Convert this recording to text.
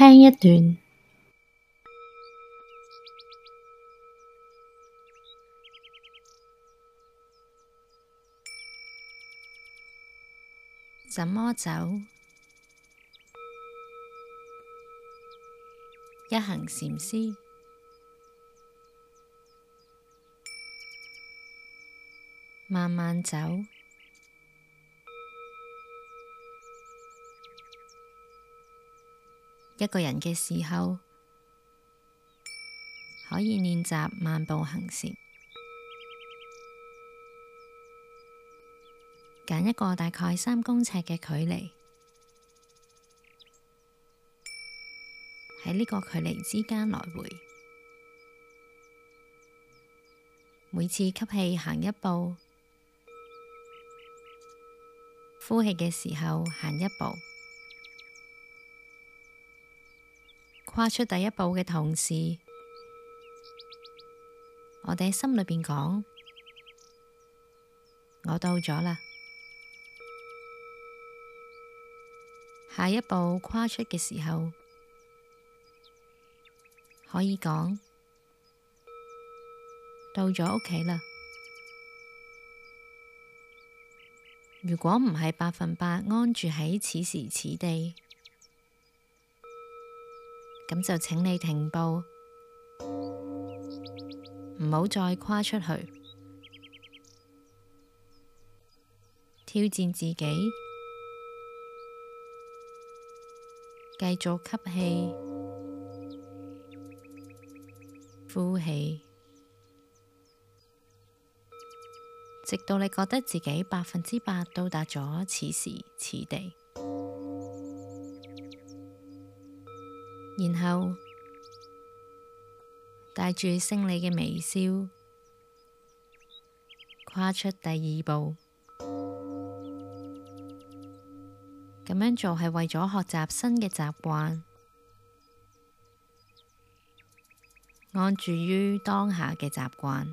聽一段，怎麼走？一行禪師，慢慢走。一個人嘅時候，可以練習慢步行禪，揀一個大概三公尺嘅距離，喺呢個距離之間來回，每次吸氣行一步，呼氣嘅時候行一步。跨出第一步嘅同時，我哋喺心裏邊講：我到咗啦。下一步跨出嘅時候，可以講到咗屋企啦。如果唔係百分百安住喺此時此地。咁就請你停步，唔好再跨出去，挑戰自己，繼續吸氣、呼氣，直到你覺得自己百分之百到達咗此時此地。然後帶住勝利嘅微笑跨出第二步，咁樣做係為咗學習新嘅習慣，安住於當下嘅習慣。